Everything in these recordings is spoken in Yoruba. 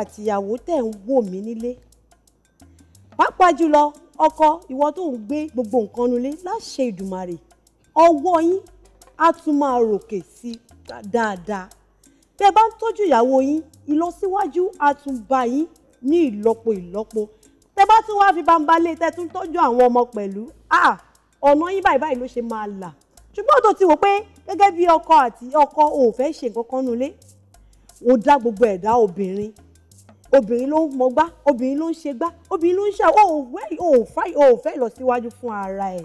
àtìyàwó tẹ̀ ń wò mí nílé pàápàá jùlọ ọkọ ìwọ tó ń gbé gbogbo nǹkan nulẹ̀ láṣẹ ìdùmarè ọwọ́ yín á tún máa ròkè sí dáadáa bí ẹ bá ń tọ́jú ìyàwó yín ìlọsíwájú á tún bá yín ní ìlọ́po ìlọ́po tẹ bá tún wáá fi bámbá lé tẹ tún tọ́jú àwọn ọmọ pẹ̀lú ọ̀nà yín báyìí báyìí ló ṣe máa là ṣùgbọ́n tó ti wò pé gẹ́gẹ́ bí ọkọ àti ọkọ ò fẹ́ ṣe nǹkan kan nulẹ̀ ó dá gbogbo ẹ̀dá obìnrin obìnrin ló ń mọgbá obìnrin ló ń ṣe gbá obìnrin ló ń ṣe àwọn ò fẹ́ lọ síwájú fún ara ẹ̀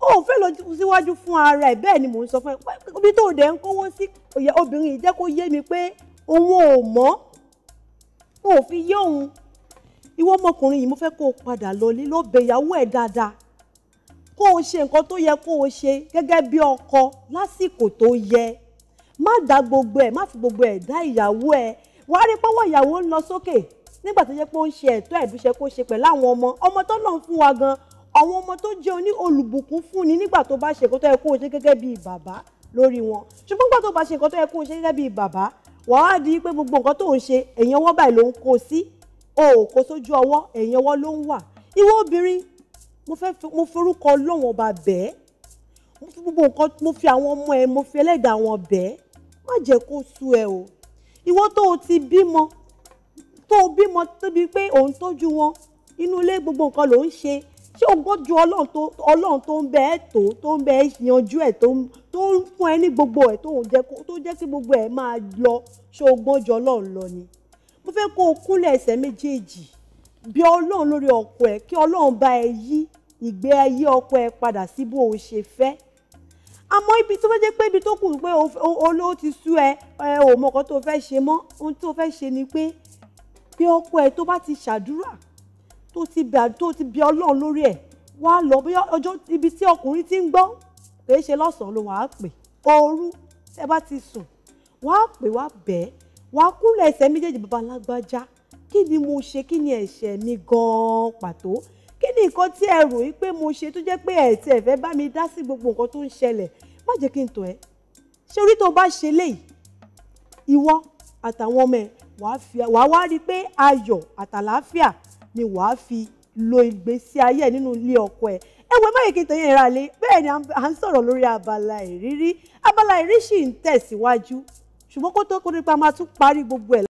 ó fẹ́ lọ síwájú fún ara ẹ̀ bẹ́ẹ̀ ni mò ń sọ fún ẹ ibi tó dẹ̀ ń kówó sí obìnrin yìí jẹ́ kó yé mi pé òun ò mọ́ wọn ò fi yé òun ìwọ ọmọkùnrin yìí mo fẹ́ kó o padà lọlé ló bẹ ìyàwó ẹ̀ dáadáa kó o ṣe nǹkan tó yẹ kó o ṣe gẹ́gẹ́ bí ọkọ lásìkò tó yẹ má dá gbogbo ẹ̀ má fi gbogbo ẹ̀ dá ìyàwó ẹ̀ wàá rí pọ́wọ́ ìyàwó ń lọ sókè nígbà tó yẹ pé ó ń ṣe ẹ̀tọ́ ẹ̀dúṣe kó ṣe pẹ̀lú àwọn ọmọ ọmọ tó lọ́n fún wa gan àwọn ọmọ tó jẹ́ oní olùbùkún fún ni nígbà tó bá ṣe nǹkan tó yẹ kó o ṣe gẹ́gẹ́ bíi bàbá lórí wọn ṣùgbọ́n nígbà tó bá ṣe nǹkan tó yẹ kó o ṣe gẹ́gẹ́ bíi bàbá wàá di pé gbogbo nǹkan tó ń ṣe èèyàn ọwọ́ báyìí ló ń kó sí o ò kó sójú ọwọ́ èèyàn ọwọ́ ló ń wà ìwọ obìnrin mo forúkọ Ọlọ́run ọba bẹ́ẹ̀ mo fi gbogbo nǹkan mo fi àwọn ọmọ ẹ mo fi ẹlẹ́dàá wọn bẹ́ẹ̀ má jẹ́ kó sú ẹ o ìwọ tó o ti bímọ tó o bímọ tóbi pé òun tọ́jú wọn inú ilé gbogbo nǹkan ló ń ṣe ṣé o gbọ́jú ọlọ́run tó ń bẹ ẹ́ tó tó ń bẹ ẹ́ yanjú ẹ̀ tó ń fún ẹ ní gbogbo ẹ̀ tó jẹ́ kí gbogbo ẹ̀ máa lọ ṣé o gbọ́jú ọlọ́run lọ ni mo fẹ́ kó o kúnlẹ̀ ẹsẹ̀ méjèèjì bí ọlọ́run lórí ọkọ ẹ̀ kí ọlọ́run bá ẹ yí ìgbé ayé ọkọ ẹ padà sí bó ṣe fẹ́ àmọ́ ibi tó bá jẹ́ pé ibi tó kù pé olówó ti sú ẹ ò mọ nǹkan tó fẹ́ ṣe mọ́ ohun tó fẹ́ ṣe ni pé bí ọkọ ẹ tó bá ti ṣàdúrà tó ti bẹ tó ti bẹ ọlọ́run lórí ẹ wá lọ bí ọjọ́ ibi tí ọkùnrin ti ń gbọ́ kì í ṣe lọ́sàn-án ló wàá pè ooru tẹ́ bá ti sùn wàá pè wàá bẹ́ẹ̀ wàá kúnlẹ̀ ẹsẹ̀ méjèèjì bàbá kí ni mo ṣe kí ni ẹ̀ṣẹ̀ mi gan-an pàtó kí ni nǹkan tí ẹ rò wípé mo ṣe tó jẹ́ pé ẹ̀ tí ẹ fẹ́ bá mi dá sí gbogbo nǹkan tó ń ṣẹlẹ̀ má jẹ́ kí n tọ̀ ẹ́ ṣé orí tó bá ṣe léyìí ìwọ àtàwọn ọmọ ẹ wàá wá rí i pé ayọ̀ àtàlàáfíà ni wàá fi lo ìgbésí ayé ẹ nínú ilé ọkọ ẹ ẹ wọ báyìí kí n tẹ̀yìn ìralé bẹ́ẹ̀ ni à ń sọ̀rọ̀ lórí abala ìrírí abala ìrírí sì ń tẹ̀síwájú ṣùgbọ́n kó tó kó nípa máa tún parí gbogbo ẹ̀.